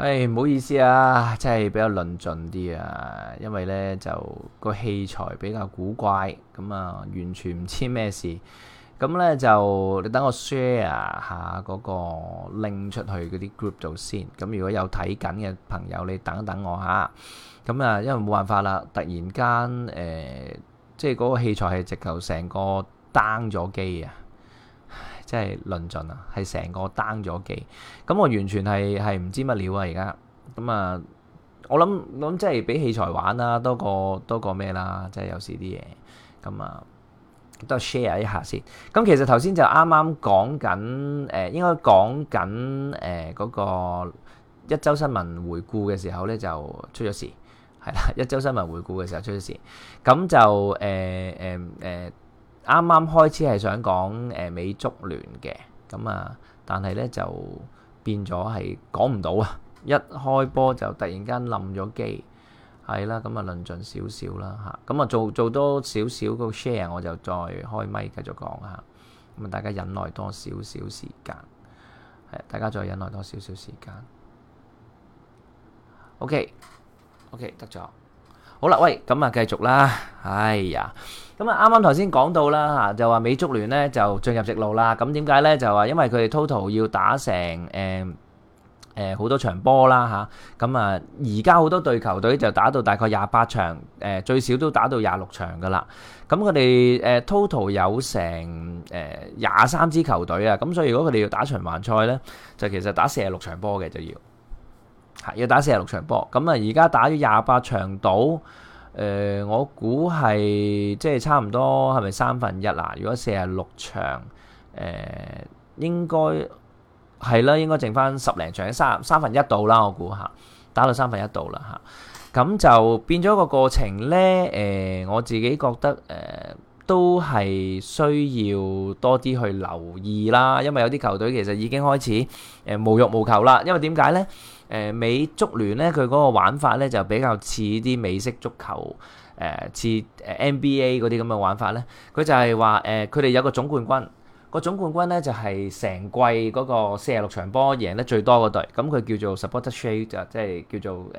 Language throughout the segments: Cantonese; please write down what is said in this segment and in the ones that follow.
唉，唔好意思啊，真係比較論盡啲啊，因為呢，就個器材比較古怪，咁啊完全唔知咩事，咁呢，就你等我 share 下嗰個拎出去嗰啲 group 做先，咁如果有睇緊嘅朋友，你等等我吓，咁啊因為冇辦法啦，突然間誒，即係嗰個器材係直頭成個 down 咗機啊！即係論盡啊，係成個 down 咗機，咁我完全係係唔知乜料啊而家，咁啊，我諗諗即係畀器材玩啦，多過多過咩啦，即係有時啲嘢，咁啊，都 share 一下先。咁其實頭先就啱啱講緊，誒、呃、應該講緊誒嗰、呃那個一週新聞回顧嘅時候咧，就出咗事，係啦，一週新聞回顧嘅時候出咗事，咁就誒誒誒。呃呃呃。啱啱開始係想講誒美足聯嘅，咁啊，但係咧就變咗係講唔到啊！一開波就突然間冧咗機，係啦，咁啊論盡少少啦嚇，咁啊做做多少少個 share，我就再開咪繼續講嚇，咁啊大家忍耐多少少時間，係大家再忍耐多少少時間。OK，OK 得咗。好啦，喂，咁啊，繼續啦。哎呀，咁啊，啱啱頭先講到啦吓，就話美足聯咧就進入直路啦。咁點解咧？就話因為佢哋 total 要打成誒誒好多場波啦吓。咁啊，而家好多隊球隊就打到大概廿八場，誒最少都打到廿六場㗎喇。咁佢哋誒 total 有成誒廿三支球隊啊。咁所以如果佢哋要打循環賽咧，就其實打四十六場波嘅就要。係要打四十六場波咁啊。而家打咗廿八場到，誒、呃，我估係即係差唔多，係咪三分一啦？如果四十六場，誒、呃，應該係啦，應該剩翻十零場，三三分一度啦。我估吓打到三分一度啦吓，咁就變咗個過程呢。誒、呃，我自己覺得誒、呃，都係需要多啲去留意啦，因為有啲球隊其實已經開始誒、呃、無欲無求啦。因為點解呢？誒美足聯咧，佢嗰個玩法咧就比較似啲美式足球，誒、呃、似誒 NBA 嗰啲咁嘅玩法咧。佢就係話誒，佢、呃、哋有個總冠軍，個總冠軍咧就係、是、成季嗰個四十六場波贏得最多嗰隊，咁佢叫做 Supporters' Shield 就即係叫做誒誒、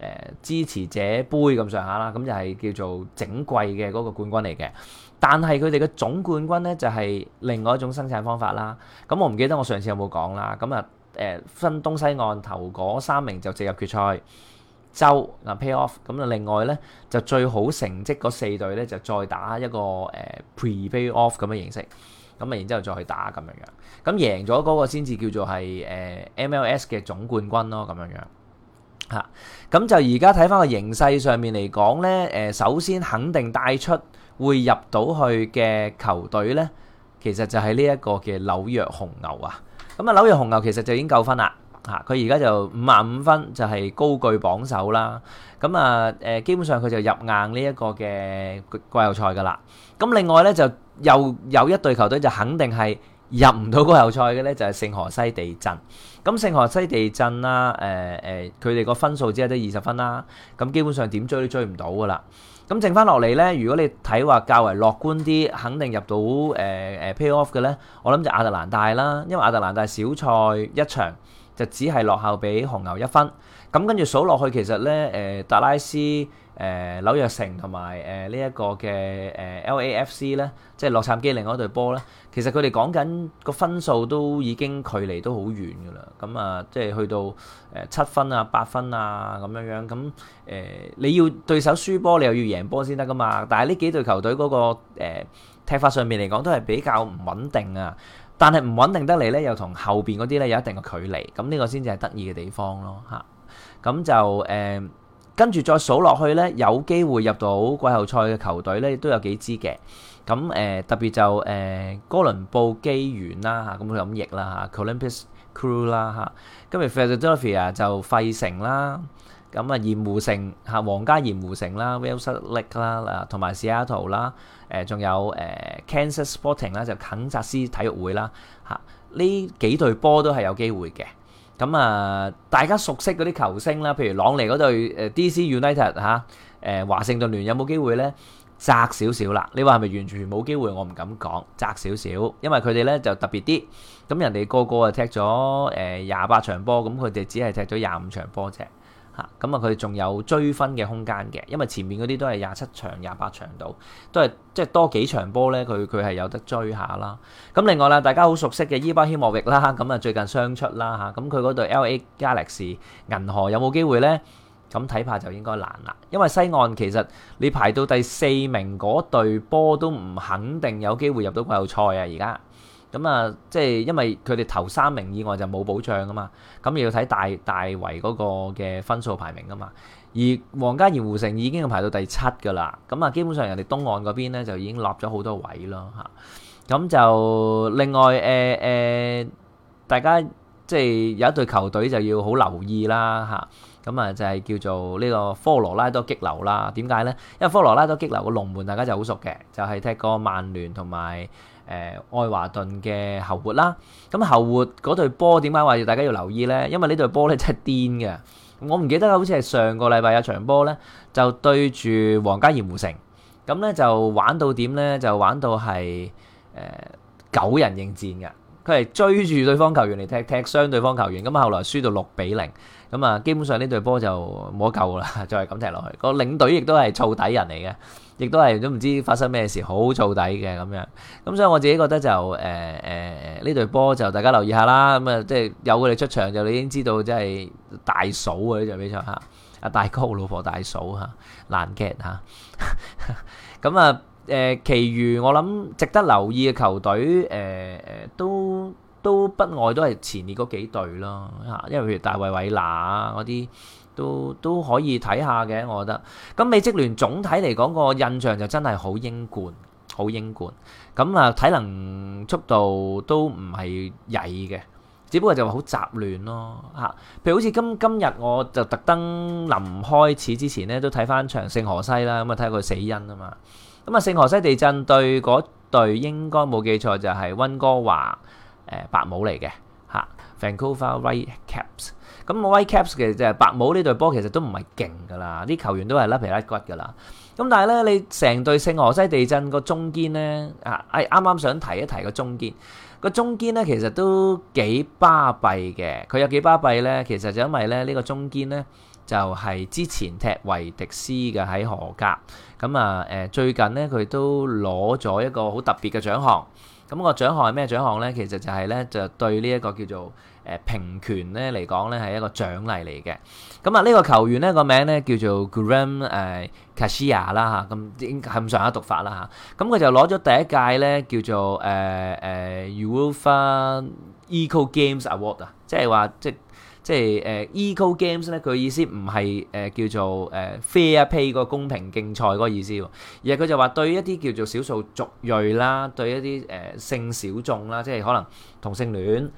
呃、支持者杯咁上下啦。咁就係叫做整季嘅嗰個冠軍嚟嘅。但係佢哋嘅總冠軍咧就係、是、另外一種生產方法啦。咁我唔記得我上次有冇講啦。咁啊～誒，分東西岸頭嗰三名就直入決賽周嗱 pay off，咁啊另外咧就最好成績嗰四隊咧就再打一個誒 pre pay off 咁嘅形式，咁啊然之後再去打咁樣樣，咁贏咗嗰個先至叫做係誒、呃、MLS 嘅總冠軍咯咁樣樣嚇。咁就而家睇翻個形勢上面嚟講咧，誒、呃、首先肯定帶出會入到去嘅球隊咧，其實就係呢一個嘅紐約紅牛啊。咁啊紐約紅牛其實就已經夠分啦嚇，佢而家就五萬五分就係、是、高居榜首啦。咁啊誒基本上佢就入硬呢一個嘅季季後賽噶啦。咁另外咧就又有一隊球隊就肯定係入唔到季後賽嘅咧，就係、是、聖荷西地震。咁、嗯、聖荷西地震啦誒誒，佢哋個分數只係得二十分啦。咁基本上點追都追唔到噶啦。咁剩翻落嚟呢，如果你睇話較為樂觀啲，肯定入到誒誒、呃呃、pay off 嘅呢。我諗就亞特蘭大啦，因為亞特蘭大小賽一場，就只係落後畀紅牛一分，咁跟住數落去，其實咧，誒、呃、達拉斯、誒、呃、紐約城同埋誒呢一個嘅誒 L.A.F.C. 咧，即係洛杉磯另一隊波咧，其實佢哋講緊個分數都已經距離都好遠㗎啦，咁、嗯、啊，即係去到誒七分啊、八分啊咁樣樣，咁、嗯、誒、呃、你要對手輸波，你又要贏波先得㗎嘛，但係呢幾隊球隊嗰、那個、呃、踢法上面嚟講，都係比較唔穩定啊。但係唔穩定得嚟咧，又同後邊嗰啲咧有一定嘅距離，咁呢個先至係得意嘅地方咯嚇。咁就誒跟住再數落去咧，有機會入到季後賽嘅球隊咧，都有幾支嘅。咁誒、呃、特別就誒、呃、哥倫布機員啦嚇，咁佢咁譯啦嚇，Columbus Crew 啦嚇，跟住 Philadelphia 就費城啦。咁啊！鹽湖城嚇，皇家鹽湖城啦，Wells Lake 啦，啊，同埋西雅圖啦，誒，仲有誒 Kansas Sporting 啦，就肯扎斯體育會啦嚇，呢幾隊波都係有機會嘅。咁啊，大家熟悉嗰啲球星啦，譬如朗尼嗰隊誒 DC United 嚇，誒華盛頓聯有冇機會咧？窄少少啦，你話係咪完全冇機會？我唔敢講窄少少，因為佢哋咧就特別啲。咁人哋個個啊踢咗誒廿八場波，咁佢哋只係踢咗廿五場波啫。嚇咁啊！佢仲有追分嘅空間嘅，因為前面嗰啲都係廿七場、廿八場度，都係即係多幾場波咧。佢佢係有得追下啦。咁另外啦，大家好熟悉嘅伊巴謙莫域啦，咁啊最近傷出啦嚇。咁佢嗰隊 L.A. Galaxy 銀河有冇機會咧？咁睇怕就應該難啦，因為西岸其實你排到第四名嗰隊波都唔肯定有機會入到季後賽啊。而家咁啊，即係因為佢哋頭三名以外就冇保障㗎嘛，咁又要睇大大圍嗰個嘅分數排名㗎嘛。而皇家鹽湖城已經要排到第七噶啦，咁啊基本上人哋東岸嗰邊咧就已經立咗好多位咯嚇。咁就另外誒誒、呃呃，大家即係有一隊球隊就要好留意啦嚇。咁啊就係叫做呢個科羅拉多激流啦。點解咧？因為科羅拉多激流個龍門大家就好熟嘅，就係、是、踢過曼聯同埋。誒、呃、愛華頓嘅侯活啦，咁侯活嗰隊波點解話要大家要留意呢？因為呢隊波咧真係癲嘅，我唔記得好似係上個禮拜有場波呢，就對住皇家鹽湖城，咁呢就玩到點呢？就玩到係誒、呃、九人應戰嘅，佢係追住對方球員嚟踢，踢傷對方球員，咁後來輸到六比零。咁啊，基本上呢隊波就冇得救啦，再係咁踢落去。個領隊亦都係燥底人嚟嘅，亦都係都唔知發生咩事，好燥底嘅咁樣。咁所以我自己覺得就誒誒呢隊波就大家留意下啦。咁啊，即係有佢哋出場就你已經知道，即係大嫂啊！呢場比賽嚇，阿大哥老婆大嫂嚇、啊，爛劇嚇。咁啊誒、啊，其餘我諗值得留意嘅球隊誒誒、啊、都。都不外都係前列嗰幾隊咯嚇，因為譬如大衛維拿啊嗰啲，都都可以睇下嘅。我覺得咁美職聯總體嚟講個印象就真係好英冠，好英冠咁啊，體能速度都唔係曳嘅，只不過就話好雜亂咯嚇。譬如好似今今日我就特登臨開始之前咧都睇翻場聖河西啦，咁啊睇下佢死因啊嘛。咁啊聖河西地震對嗰隊應該冇記錯就係温哥華，誒白帽嚟嘅嚇 Vancouver White Caps，咁 White、right、Caps 嘅就係白帽脫脫呢隊波，啊哎那個，其實都唔係勁噶啦，啲球員都係甩皮甩骨噶啦。咁但係咧，你成隊聖荷西地震個中堅咧啊，係啱啱想提一提個中堅，個中堅咧其實都幾巴閉嘅。佢有幾巴閉咧？其實就因為咧呢、這個中堅咧就係、是、之前踢維迪斯嘅喺荷甲。咁啊誒、呃，最近咧佢都攞咗一個好特別嘅獎項。咁、嗯那個獎項係咩獎項咧？其實就係咧，就是、對呢一個叫做誒、呃、平權咧嚟講咧，係一個獎勵嚟嘅。咁啊，呢、這個球員咧個名咧叫做 Graham 誒、呃、Casia 啦嚇，咁係咁上下讀法啦嚇。咁佢、啊嗯、就攞咗第一屆咧叫做誒誒、呃呃、UWorld Eco Games Award 啊，即係話即。就是即係誒 EcoGames 咧，佢意思唔係誒叫做誒 fair pay 個公平競賽嗰個意思，而係佢就話對一啲叫做少數族裔啦，對一啲誒性小眾啦，即係可能同性戀誒，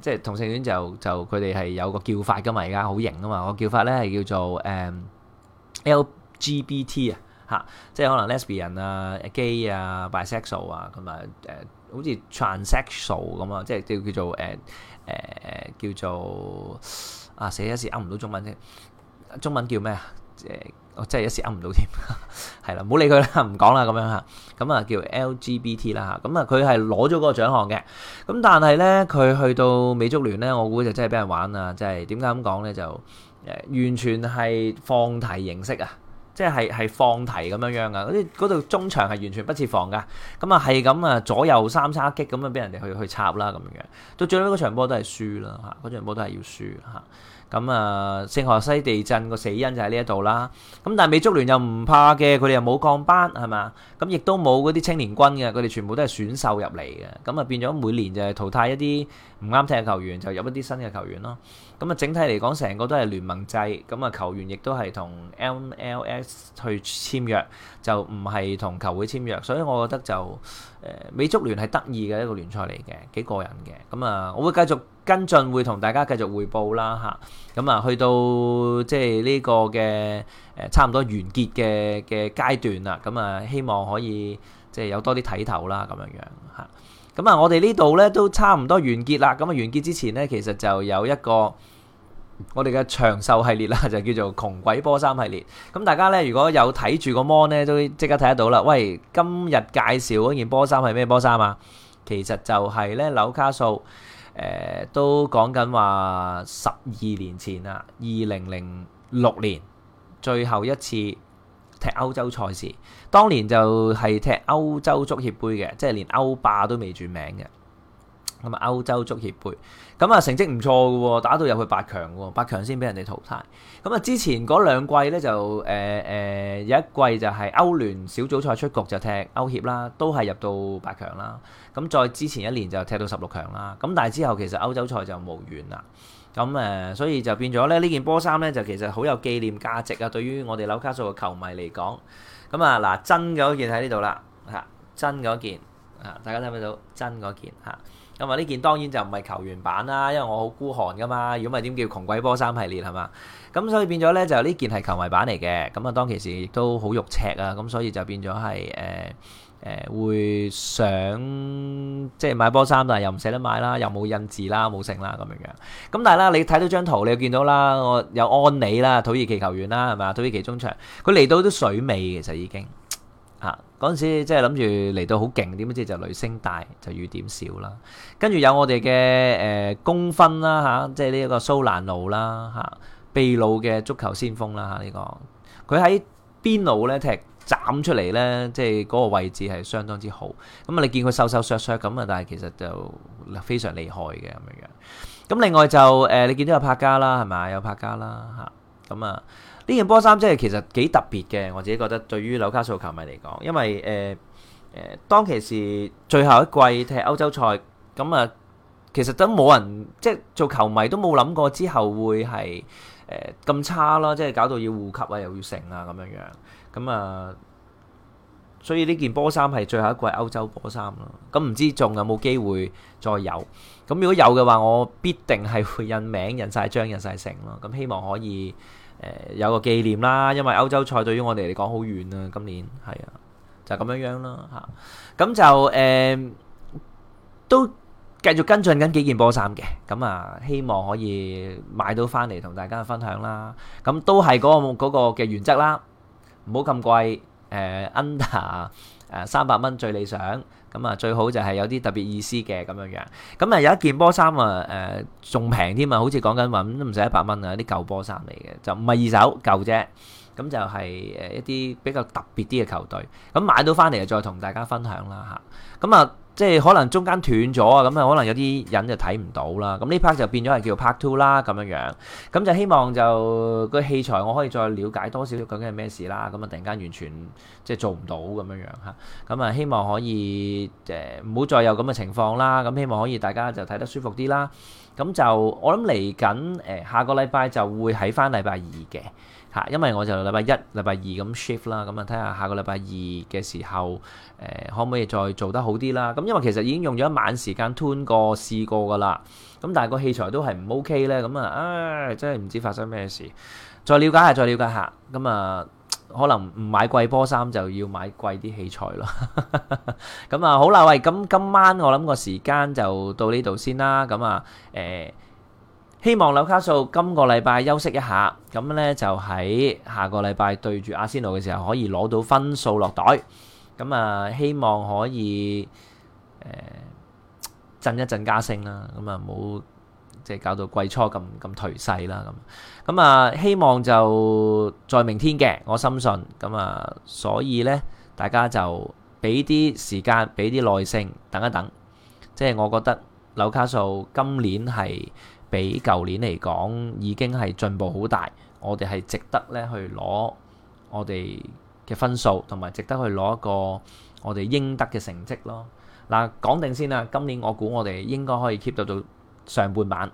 即係同性戀就就佢哋係有個叫法噶嘛，而家好型噶嘛，個叫法咧係叫做誒 LGBT 啊嚇，即係可能 lesbian 啊、gay 啊、bisexual 啊同埋誒。好似 transsexual 咁啊，即係叫叫做誒誒、呃呃、叫做啊，寫一時噏唔到中文啫，中文叫咩啊？誒、呃，我真係一時噏唔到添，係啦，唔好理佢啦，唔講啦，咁樣嚇，咁啊叫 LGBT 啦嚇，咁啊佢係攞咗嗰個獎項嘅，咁但係咧佢去到美足聯咧，我估就真係俾人玩啊！即係點解咁講咧？就誒、誒呃、完全係放題形式啊！即係係放題咁樣樣啊！嗰啲度中場係完全不設防噶，咁啊係咁啊左右三叉戟咁啊俾人哋去去插啦咁樣，到最後嗰場波都係輸啦嚇，嗰場波都係要輸嚇。咁啊、嗯，聖河西地震個死因就喺呢一度啦。咁但係美足聯又唔怕嘅，佢哋又冇降班係嘛？咁亦都冇嗰啲青年軍嘅，佢哋全部都係選秀入嚟嘅。咁、嗯、啊變咗每年就係淘汰一啲唔啱踢嘅球員，就入一啲新嘅球員咯。咁、嗯、啊，整體嚟講，成個都係聯盟制。咁、嗯、啊，球員亦都係同 MLS 去簽約，就唔係同球會簽約。所以我覺得就。誒美足聯係得意嘅一個聯賽嚟嘅，幾過癮嘅。咁啊，我會繼續跟進，會同大家繼續匯報啦吓，咁啊，去到即係呢個嘅誒差唔多完結嘅嘅階段啦。咁啊，希望可以即係有多啲睇頭啦咁樣樣嚇。咁啊，我哋呢度咧都差唔多完結啦。咁啊，完結之前咧，其實就有一個。我哋嘅長壽系列啦，就叫做窮鬼波衫系列。咁大家咧，如果有睇住個芒咧，都即刻睇得到啦。喂，今日介紹嗰件波衫係咩波衫啊？其實就係咧紐卡素，誒、呃，都講緊話十二年前啊，二零零六年最後一次踢歐洲賽事，當年就係踢歐洲足協盃嘅，即係連歐霸都未轉名嘅。咁啊，歐洲足協盃，咁啊成績唔錯嘅喎，打到入去八強喎，八強先俾人哋淘汰。咁啊，之前嗰兩季呢，就，誒、呃、誒、呃、有一季就係歐聯小組賽出局就踢歐協啦，都係入到八強啦。咁再之前一年就踢到十六強啦。咁但係之後其實歐洲賽就無緣啦。咁誒，所以就變咗咧呢件波衫呢，就其實好有紀念價值啊！對於我哋紐卡素嘅球迷嚟講，咁啊嗱真嘅嗰件喺呢度啦嚇，真嗰件啊，大家睇唔睇到真嗰件嚇？咁啊呢件當然就唔係球員版啦，因為我好孤寒㗎嘛。如果唔係點叫窮鬼波衫系列係嘛？咁所以變咗咧就呢件係球迷版嚟嘅。咁啊當其時亦都好肉赤啊，咁所以就變咗係誒誒會想即係買波衫，但係又唔捨得買啦，又冇印字啦，冇剩啦咁樣樣。咁但係啦，你睇到張圖，你又見到啦，我有安妮啦，土耳其球員啦係嘛，土耳其中場，佢嚟到啲水尾其實已經。嗱，嗰、啊、時即係諗住嚟到好勁，點知就雷聲大，就雨點少啦。跟住有我哋嘅誒公分啦，嚇、啊，即係呢一個蘇蘭路啦，嚇、啊，秘魯嘅足球先鋒啦，嚇、啊、呢、這個。佢喺邊路咧踢斬出嚟咧，即係嗰個位置係相當之好。咁、嗯、啊，你見佢瘦瘦削削咁啊，但係其實就非常厲害嘅咁樣樣。咁、啊、另外就誒、呃，你見到有帕加啦，係咪？有帕加啦，嚇。咁啊。啊啊。呢件波衫真係其實幾特別嘅，我自己覺得對於紐卡素球迷嚟講，因為誒誒、呃呃，當其時最後一季踢歐洲賽，咁啊，其實都冇人即係做球迷都冇諗過之後會係誒咁差咯，即係搞到要護級啊，又要成啊咁樣樣，咁啊、呃，所以呢件波衫係最後一季歐洲波衫咯，咁唔知仲有冇機會再有？咁如果有嘅話，我必定係會印名、印晒章、印晒成咯，咁希望可以。呃、有個紀念啦，因為歐洲賽對於我哋嚟講好遠啊，今年係啊，就咁、是、樣樣啦嚇，咁就誒都繼續跟進緊幾件波衫嘅，咁、嗯、啊希望可以買到翻嚟同大家分享啦，咁、嗯、都係嗰、那個嘅、那個、原則啦，唔好咁貴，誒、呃、under。誒三百蚊最理想，咁啊最好就係有啲特別意思嘅咁樣樣。咁啊有一件波衫啊誒仲平添啊，好似講緊揾都唔使一百蚊啊，啲舊波衫嚟嘅，就唔係二手舊啫。咁就係、是、誒一啲比較特別啲嘅球隊，咁買到翻嚟啊再同大家分享啦嚇。咁啊～即係可能中間斷咗啊，咁啊可能有啲人就睇唔到啦。咁呢 part 就變咗係叫 part two 啦，咁樣樣。咁就希望就個器材我可以再了解多少少究竟係咩事啦。咁啊突然間完全即係做唔到咁樣樣嚇。咁啊希望可以誒唔好再有咁嘅情況啦。咁希望可以大家就睇得舒服啲啦。咁就我諗嚟緊誒下個禮拜就會喺翻禮拜二嘅。嚇，因為我就禮拜一、禮拜二咁 shift 啦，咁啊睇下下個禮拜二嘅時候，誒可唔可以再做得好啲啦？咁因為其實已經用咗一晚時間 tune 過試過噶啦，咁但係個器材都係唔 OK 咧，咁啊，唉，真係唔知發生咩事。再瞭解下，再瞭解下，咁啊，可能唔買貴波衫就要買貴啲器材咯。咁啊，好啦，喂，咁今晚我諗個時間就到呢度先啦。咁啊，誒。希望紐卡素今個禮拜休息一下，咁咧就喺下個禮拜對住阿仙奴嘅時候可以攞到分數落袋。咁啊，希望可以誒震、呃、一震加升啦。咁啊，唔好即係搞到季初咁咁頹勢啦。咁咁啊，希望就在明天嘅。我深信咁啊，所以咧大家就俾啲時間，俾啲耐性等一等。即係我覺得紐卡素今年係，比舊年嚟講已經係進步好大，我哋係值得咧去攞我哋嘅分數，同埋值得去攞一個我哋應得嘅成績咯。嗱，講定先啦，今年我估我哋應該可以 keep 到到上半版，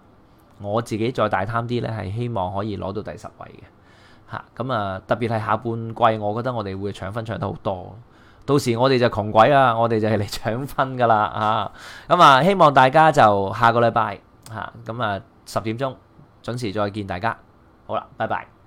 我自己再大貪啲咧，係希望可以攞到第十位嘅嚇。咁啊，特別係下半季，我覺得我哋會搶分搶得好多，到時我哋就窮鬼就啊，我哋就係嚟搶分㗎啦嚇。咁啊，希望大家就下個禮拜嚇，咁啊～啊啊啊啊啊十點鐘準時再見大家，好啦，拜拜。